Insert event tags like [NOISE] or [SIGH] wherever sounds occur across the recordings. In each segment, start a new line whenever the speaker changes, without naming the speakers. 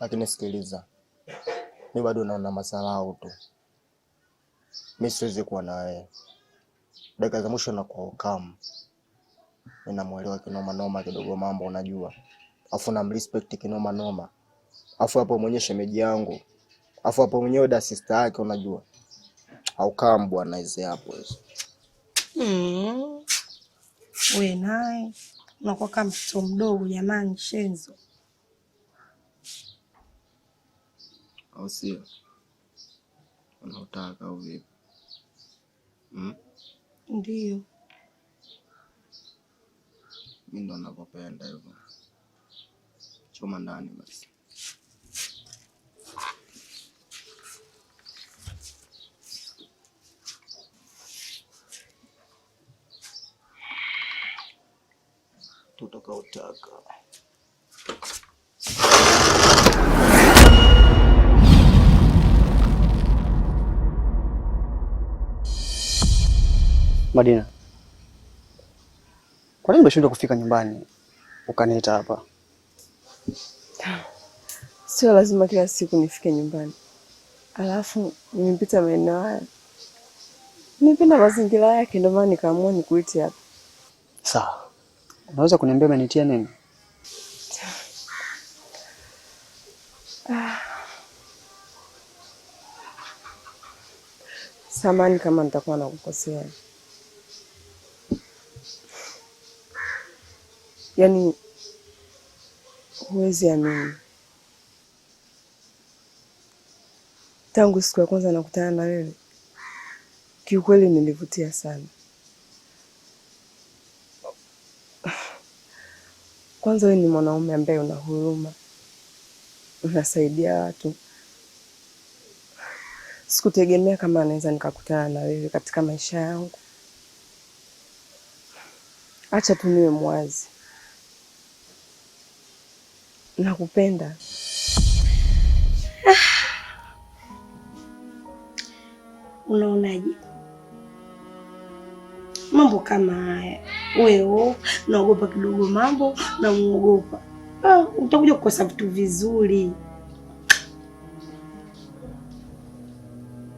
lakini sikiliza, mi bado naona masalau tu. Mi siwezi kuwa na wewe dakika za mwisho, nakuwa ukamu. Ninamwelewa kinoma noma kidogo mambo, unajua, afu namrespect kinoma noma, afu hapo mwenyewe shemeji yangu, afu hapo mwenyewe da sister yake, unajua aukam bwana, hizi hapo hizo
mm. We naye unakuwa kama mtoto mdogo jamani, Shenzo.
au sio? Unautaka au vipi?
Mm? Ndio,
mi ndo nakupenda hivyo. Choma ndani basi. Tutakautaka
Madina, kwa nini umeshindwa kufika nyumbani ukaniita hapa?
Sio lazima kila siku nifike nyumbani, alafu nimepita maeneo haya, nimependa mazingira yake, ndio maana nikaamua nikuite hapa.
Sawa, unaweza kuniambia umenitia nini? Ah.
Samani kama nitakuwa nakukosea. yani huwezi amini, tangu siku ya kwanza nakutana na wewe, kiukweli nilivutia sana. Kwanza wewe ni mwanaume ambaye una huruma, unasaidia watu. Sikutegemea kama anaweza nikakutana na wewe katika maisha yangu. Acha tu niwe mwazi nakupenda. Ah.
Unaonaje mambo kama haya? Wewe unaogopa oh, kidogo mambo na ah, utakuja kukosa vitu vizuri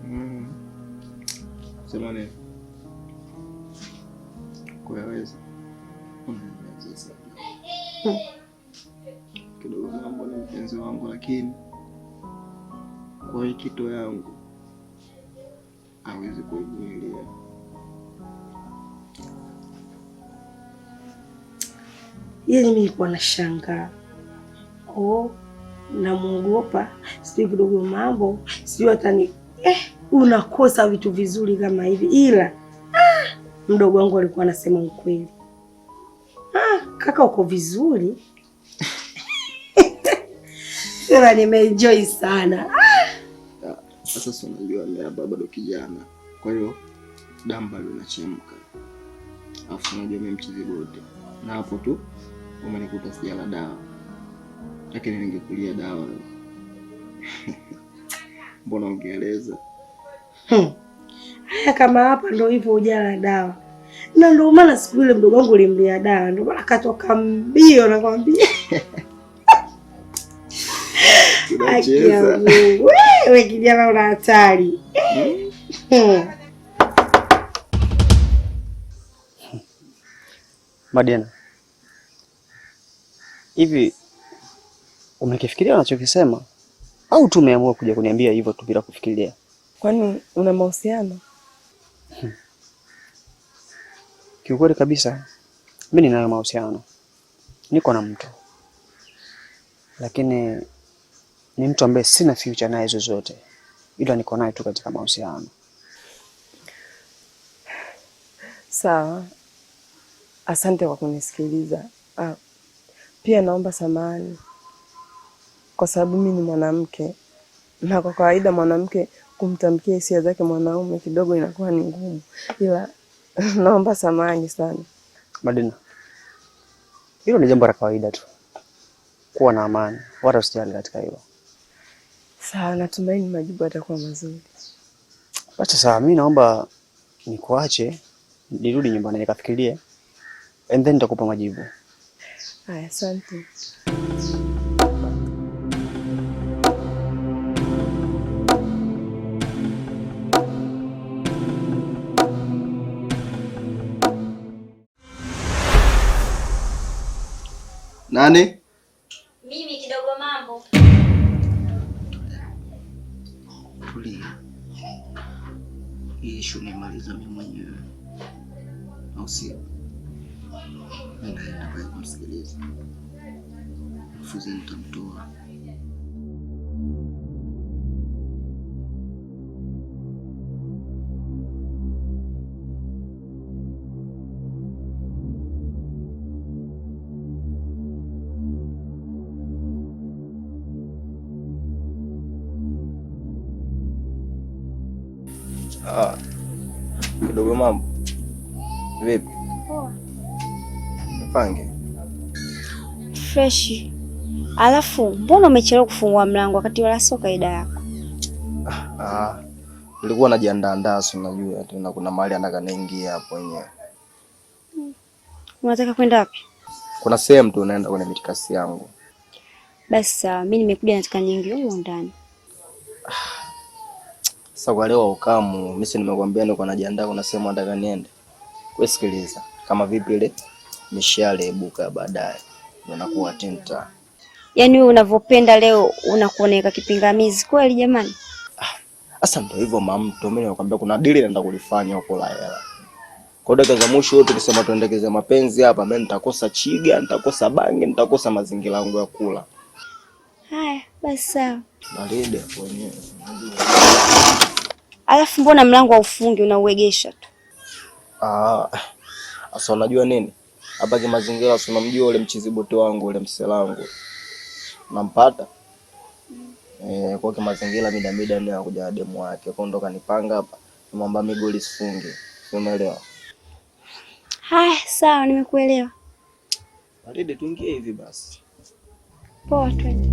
mm. Semane kidogo mambo na mpenzi wangu, lakini kwa ikito yangu hawezi kuivumilia.
Yeye mimi na shangaa oh, namwogopa sijui kidogo mambo sijui atani eh, unakosa vitu vizuri kama hivi, ila ah, mdogo wangu alikuwa anasema ukweli. Ah, kaka uko vizuri Sema nimeenjoy sana.
Sasa si unajua Meraba bado kijana, kwa hiyo damu bado inachemka, afu unajua mimi mchizi bote, na hapo tu umenikuta sijala dawa, lakini ningekulia dawa. [LAUGHS] Mbona ungeeleza
hmm. haya kama hapa? Ndo hivyo ujala dawa, na ndo maana siku ile mdogo wangu ulimlia dawa, ndo maana katoka mbio, nakwambia [LAUGHS]
tunacheza.
Wewe kijana una hatari. Hmm.
hivi umekifikiria unachokisema au tumeamua kuja kuniambia hivyo tu bila kufikiria?
Kwani una mahusiano? Hmm.
Kiukweli kabisa mi ninayo mahusiano, niko na mtu lakini ni mtu ambaye sina future naye zozote, ila niko naye tu katika mahusiano.
Sawa, asante kwa kunisikiliza. Ah, pia naomba samahani kwa sababu mi ni mwanamke, na kwa kawaida mwanamke kumtamkia hisia zake mwanaume kidogo inakuwa ni ngumu, ila [LAUGHS] naomba samahani sana
Madina. Hilo ni jambo la kawaida tu, kuwa na amani, wala usijali katika hilo.
Sawa, natumaini majibu yatakuwa mazuri.
Acha sawa, mimi naomba nikuache nirudi nyumbani nikafikirie, and then nitakupa majibu
haya. Asante.
Nani?
Mimi kidogo mambo
tulia, hii shule imaliza mimi mwenyewe, au sio? Nenda kumsikiliza mfuzi, nitamtoa Pange
freshi. Alafu mbona umechelewa kufungua mlango wakati wala sio kaida yako? Ah,
nilikuwa ah, nilikuwa najiandaandaa, si unajua tena kuna mahali anataka naingia hapo wenyewe.
Unataka kwenda wapi?
Kuna sehemu tu naenda kwenye mitikasi yangu.
Basi sawa, mimi nimekuja nataka niingie huko ndani. Ah.
Sasa kwa leo ukamu, mimi si nimekwambia niko najiandaa kuna sehemu nataka niende. Wewe sikiliza, kama vipi ile mishale ibuka baadaye unakuwa tenta.
Yaani wewe unavyopenda leo unakuoneka kipingamizi kweli jamani. Ah,
sasa ndio hivyo mamto, mimi nakwambia kuna dili naenda kulifanya huko la hela. Kwa dakika za mwisho wote ukisema tuendekeze mapenzi hapa, mimi nitakosa chiga, nitakosa bangi, nitakosa mazingira yangu ya kula.
Haya, basi sawa.
Baridi wenyewe.
Alafu mbona mlango haufungi unauegesha tu?
Ah. Sasa unajua nini? abaki mazingira, si unamjua ule mchiziboti wangu ule mselangu nampata mm. eh, kwa kimazingira mida mida ndio anakuja demu wake kwa ndo kanipanga hapa, nimwamba migoli sifungi, umeelewa?
Haya, sawa, nimekuelewa.
Baridi tuingie hivi basi.
Poa, twende.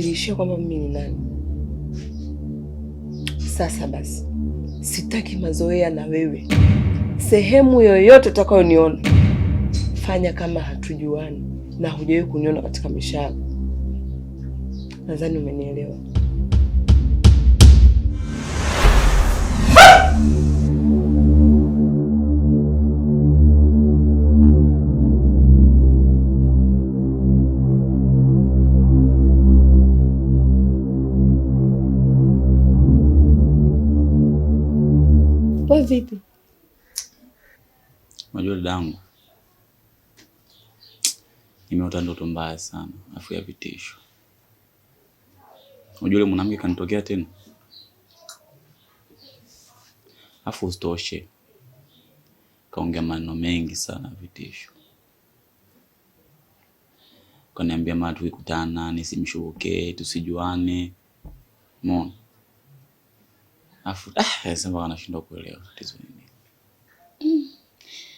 kujidhihirishia kwamba mimi ni nani. Sasa basi, sitaki mazoea na wewe. Sehemu yoyote utakayoniona fanya kama hatujuani na hujawahi kuniona katika maisha yako. Nadhani umenielewa.
Wewe vipi?
Unajua dadangu, nimeota ndoto mbaya sana afu ya vitisho. Unajua yule mwanamke kanitokea tena, afu usitoshe kaongea maneno mengi sana vitisho, kaniambia mara tukikutana nisimshukee, tusijuane. Umeona? Afu ah. eh, sema anashindwa kuelewa tatizo nini?
Mm.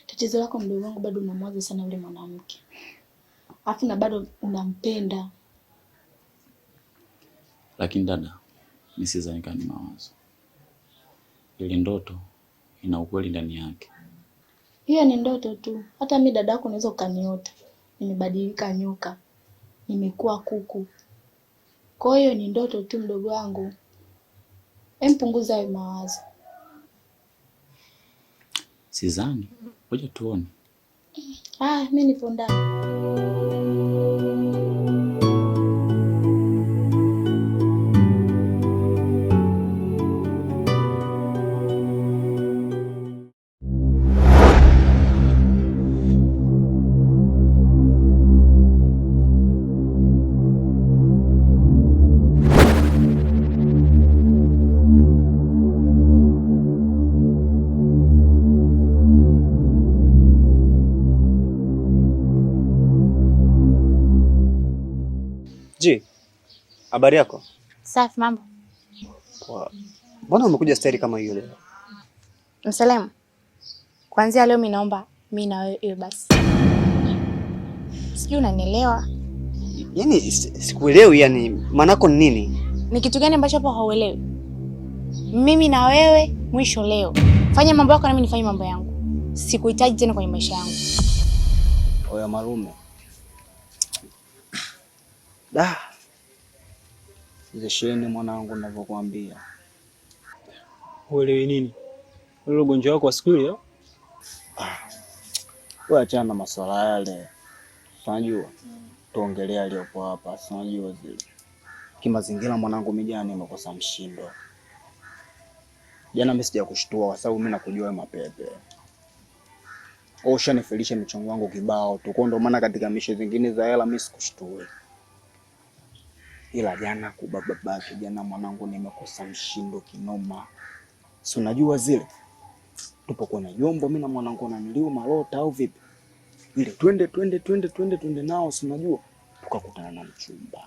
Tatizo lako mdogo wangu, bado unamwaza sana yule mwanamke, afu na bado unampenda.
Lakini dada, mimi sidhani kama ni mawazo, ile ndoto ina ukweli ndani yake.
Hiyo ni ndoto tu. Hata mi dada yako unaweza ukaniota nimebadilika nyoka, nimekuwa kuku. Kwa hiyo ni ndoto tu, mdogo wangu. Empunguza hayo mawazo.
Sizani, ngoja tuone.
Ah, mimi nipo ndani.
Ji, habari yako?
Safi, mambo.
Mbona umekuja stairi kama hiyo leo?
Mselemu, kwanzia leo mi naomba mi na wewe iwe basi. Sijui unanielewa?
Yaani sikuelewi, yani maanako ni nini?
Ni kitu gani ambacho hapo hauelewi? Mimi na wewe mwisho leo. Fanya mambo yako nami nifanye mambo yangu. Sikuhitaji tena kwenye maisha yangu.
Oya Marume. Da, zesheni mwanangu, navyokwambia
uelewi nini ule ugonjwa wako wa siku ile. Ah.
wewe achana na masuala yale, unajua Tuongelea aliyopo hapa, unajua zile kimazingira mwanangu, mijani imekosa mshindo. Jana mimi sija kushtua kwa sababu mimi nakujua wewe mapepe. Ushanifilisha michongo yangu kibao tu, kwa ndo maana katika mishe zingine za hela mimi sikushtua ila jana kubwa babake, jana mwanangu, nimekosa mshindo kinoma. Si unajua zile tupo na jombo, mimi na mwanangu na naniliu malota au vipi, ile twende twende twende twende twende nao, si unajua tukakutana na mchumba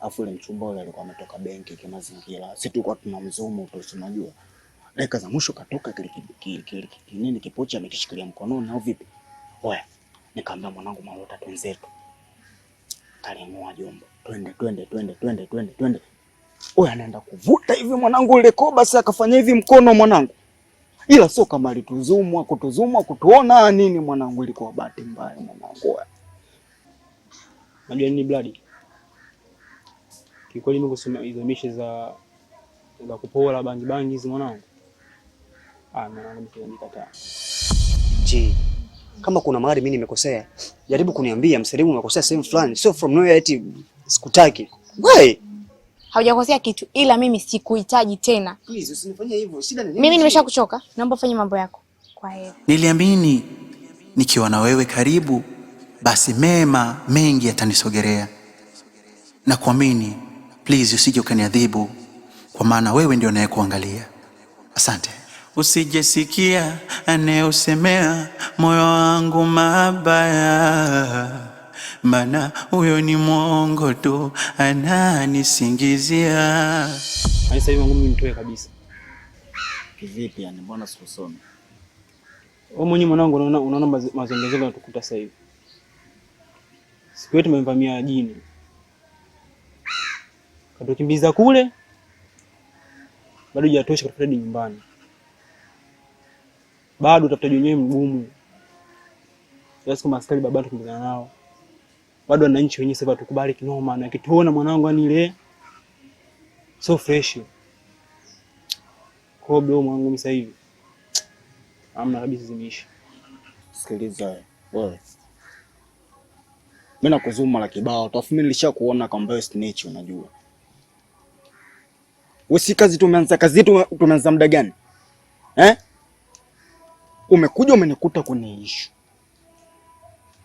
afu ile mchumba ule alikuwa ametoka benki kimazingira, si tulikuwa tunamzumu tu, si unajua dakika za mwisho katoka kile kile kile nini kipocha amekishikilia mkononi au vipi. Oya, nikaambia mwanangu, malota twenzetu kalimua jombo, twende twende twende twende twende twende. Wewe anaenda kuvuta hivi mwanangu ile koba, si akafanya hivi mkono mwanangu, ila sio kama alituzumwa kutuzumwa kutuona nini mwanangu, ilikuwa bahati mbaya mwanangu.
Najua nini bladi, kikweli mimi kusema hizo mishe za za kupola bangi bangi hizi mwanangu, ah mwanangu, mimi nikataa. Je, kama kuna mahali mimi nimekosea, jaribu kuniambia msalimu, umekosea sehemu fulani, sio from nowhere eti sikutaki. Why?
Haujakosea kitu, ila mimi sikuhitaji tena. Please usinifanyie hivyo. Shida ni nini? Mimi nimeshakuchoka, naomba ufanye mambo yako.
Kwa hiyo niliamini nikiwa na wewe karibu, basi mema mengi yatanisogerea na kuamini. Please usije ukaniadhibu, kwa maana wewe ndio unayekuangalia. Asante
usijesikia anayeusemea moyo wangu mabaya, mana huyo ni mwongo tu ananisingizia.
Sasa hivi ngumi kabisa.
Kivipi yani, mbona sikusome
wewe mwenyewe mwanangu? Unaona, unaona mazungumzo yanatukuta sasa hivi, siku yetu tumemvamia jini, katukimbiza kule, bado hajatosha, katufredi nyumbani bado utafutaji wenyewe mgumu, kiasi kama askari baba tukumbana nao bado wananchi wenyewe sasa tukubali kinoma, na kituona mwanangu, ani ile so fresh kwa bro mwanangu, mimi sasa hivi amna kabisa, zimeisha.
Sikiliza wewe, mimi nakuzuma la kibao tofauti. mimi nilishakuona kama snitch, unajua wewe, si kazi tumeanza, kazi tumeanza muda gani eh? Umekuja umenikuta kwenye ishu,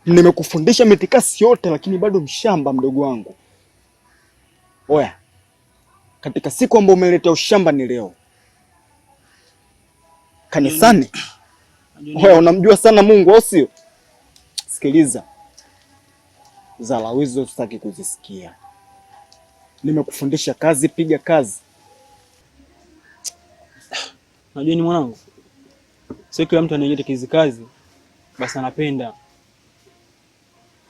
nimekufundisha mitikasi yote, lakini bado mshamba mdogo wangu. Oya, katika siku ambayo umeleta ushamba ni leo kanisani. Oya, unamjua sana Mungu au sio? Sikiliza, zalawizo sitaki kuzisikia. Nimekufundisha kazi, piga kazi.
Najua ni mwanangu Sio kila mtu anayenyeta kizi kazi basi anapenda.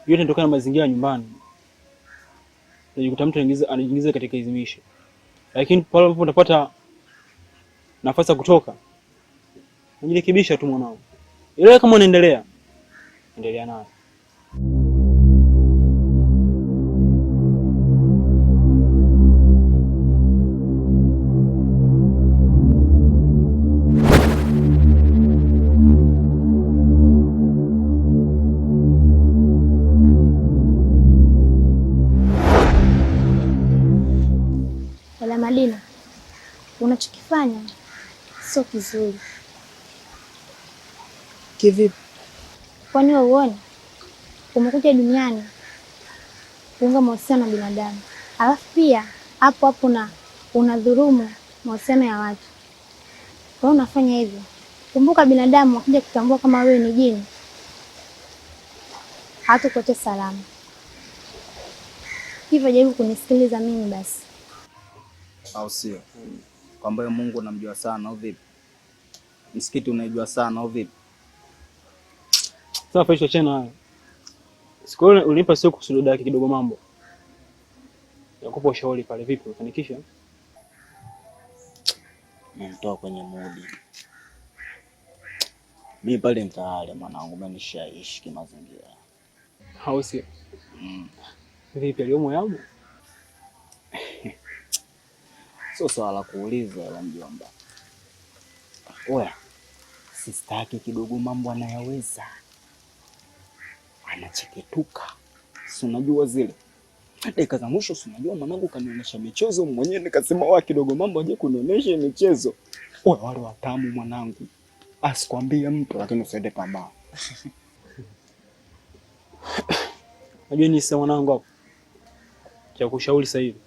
Yote inatokana na mazingira ya nyumbani. Unajikuta mtu anajiingiza katika hizimisho, lakini pale ambapo unapata nafasi ya kutoka, unajirekebisha tu mwanao, ile kama unaendelea endelea nayo.
unachokifanya sio kizuri. Kivipi? Kwani uone umekuja duniani kuunga mahusiano na binadamu, alafu pia hapo hapo na unadhurumu mahusiano ya watu. Kwa hiyo unafanya hivyo, kumbuka binadamu wakija kutambua kama wewe ni jini, hatukote salama. Hivyo jaribu kunisikiliza mimi basi,
au sio? kwa ambayo Mungu unamjua sana au vipi? Msikiti unaijua sana au vipi?
Sasa hicho chena hayo. Siku ile ulinipa sio kusudio dake kidogo mambo. Nakupa ushauri pale, vipi ufanikishe?
Nimtoa kwenye mudi. Mimi pale mtaale mwanangu, mimi nishaishi kimazingira.
Hausi. Mm. Vipi aliomo yangu?
sio swala la kuuliza la mjomba. Oya, sistaki kidogo, mambo anayaweza, anacheketuka, si unajua zile dakika za mwisho, si unajua mwanangu kanionyesha michezo mwenyewe, nikasema wa kidogo mambo aje kunionyesha michezo. Oya, wale watamu mwanangu, asikwambie ah, mtu, lakini usiende pambaa
Najua ni sasa mwanangu, hapo cha kushauri sasa hivi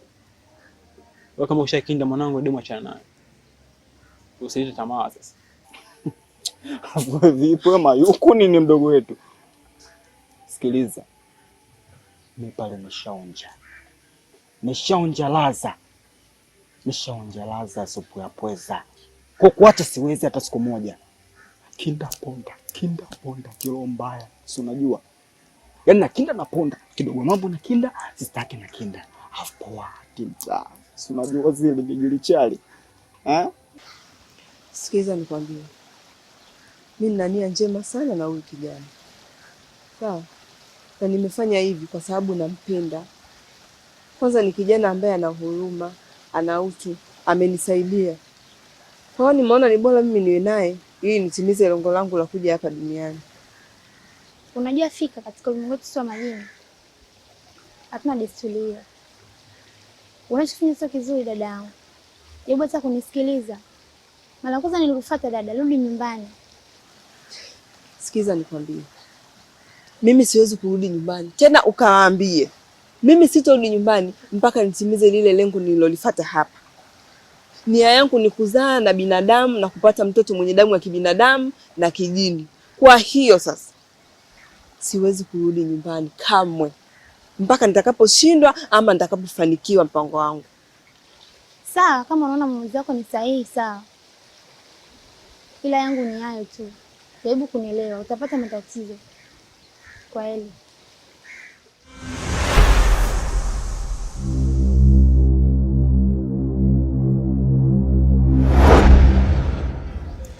wewe kama ushakinda mwanangu, demu achana naye. Usilete tamaa sasa.
[LAUGHS] Vipo mayuku nini mdogo wetu? Sikiliza. Mimi pale nishaonja. Nishaonja laza. Nishaonja laza supu ya pweza. Kwa kuacha siwezi hata siku moja. Kinda ponda, kinda ponda kilo mbaya. Si unajua? Yaani na kinda na ponda kidogo mambo na kinda, sistaki na kinda. Hapo kinda si unajua zile vijulichali eh.
Sikiza nikwambie, mi nina nia njema sana na huyu kijana sawa, na nimefanya hivi kwa sababu nampenda. Kwanza ni kijana ambaye ana huruma, ana utu, amenisaidia. Kwa hiyo nimeona ni bora mimi niwe naye ili nitimize lengo langu la kuja hapa duniani.
Unajua fika katika ulimwengu wetu majini hatuna desturi hiyo. Unachofanya sio kizuri dadangu. Hebu hata kunisikiliza. Mara kwanza nilikufuata dada, rudi nyumbani.
Sikiza nikwambie. Mimi siwezi kurudi nyumbani. Tena ukaambie. Mimi sitorudi nyumbani mpaka nitimize lile lengo nililolifuata hapa. Nia yangu ni kuzaa na binadamu na kupata mtoto mwenye damu ya kibinadamu na kijini. Kwa hiyo sasa siwezi kurudi nyumbani kamwe mpaka nitakaposhindwa ama nitakapofanikiwa mpango wangu.
Sawa, kama unaona maamuzi yako ni sahihi, sawa, ila yangu ni hayo tu. Jaribu kunielewa, utapata matatizo. Kwa heli.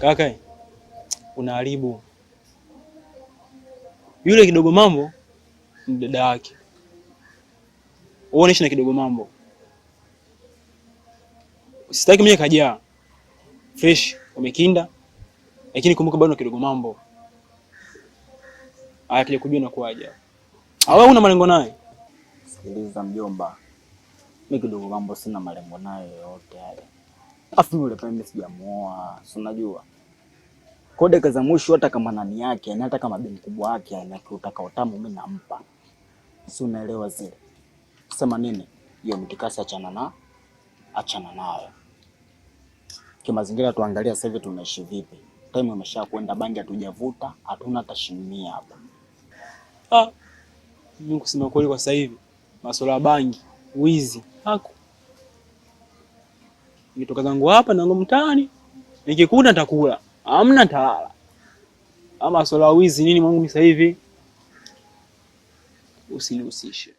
Kaka, unaharibu. Yule kidogo mambo ni dada yake uoneshe na kidogo mambo. Sitaki mwenye kaja fresh umekinda, lakini kumbuka bado na kidogo mambo Aya, kile kujua na kuaja awe ah, una malengo naye.
Sikiliza mjomba, mimi kidogo mambo sina malengo naye yote haya, afu yule pembe sijamuoa, si unajua kode kaza mwisho, hata kama nani yake na hata kama binti kubwa yake anataka utamu, mimi nampa, si unaelewa zile sema nini? Hiyo mtikasi achana na achana nayo. Kimazingira tuangalia sasa hivi tunaishi vipi? Time imesha kwenda, bangi hatujavuta, hatuna tashimia hapa.
Ah. Mimi kusema kweli kwa sasa hivi masuala ya bangi, wizi, hako. Nitoka zangu hapa na mtaani. Nikikuta nitakula. Hamna talala. Ama masuala ya wizi nini mwangu mimi sasa hivi? Usinihusishe.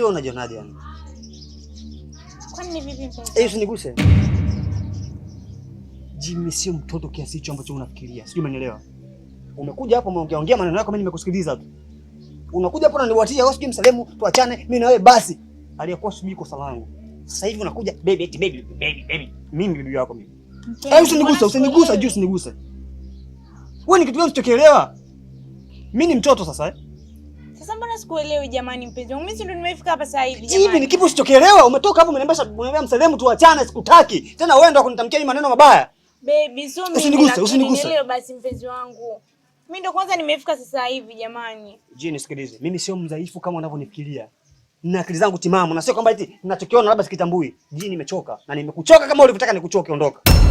Hiyo unajionaje yani?
Kwani vipi mpenzi?
Eh, usiniguse. Jimmy sio mtoto kiasi hicho ambacho unafikiria. Sijui umenielewa. Umekuja hapo umeongea ongea maneno yako, mimi nimekusikiliza tu. Unakuja hapo unaniwatia, wewe sijui msalimu, tuachane mimi na wewe basi. Aliyekuwa sijui kosa langu. Sasa hivi unakuja baby eti baby baby baby. Mimi bibi yako mimi. Eh, usiniguse, usiniguse, juu usiniguse. Wewe ni kitu gani usichokielewa? Mimi ni mtoto sasa eh?
Sasa mbona sikuelewi jamani mpenzi wangu? Mimi si ndo nimefika hapa sasa hivi jamani.
Hivi ni kipi usichokielewa? Umetoka hapo umeniambia unaniambia mselemu tu achane sikutaki. Tena wewe ndo kunitamkia hii maneno mabaya.
Baby, so mimi usiniguse, usiniguse. Leo basi mpenzi wangu. Mimi ndo kwanza nimefika sasa hivi jamani.
Jini, nisikilize. Mimi sio mdhaifu kama unavyonifikiria. Na akili zangu timamu na sio kwamba eti ninachokiona labda sikitambui. Jini, nimechoka na nimekuchoka kama ulivyotaka nikuchoke ondoka.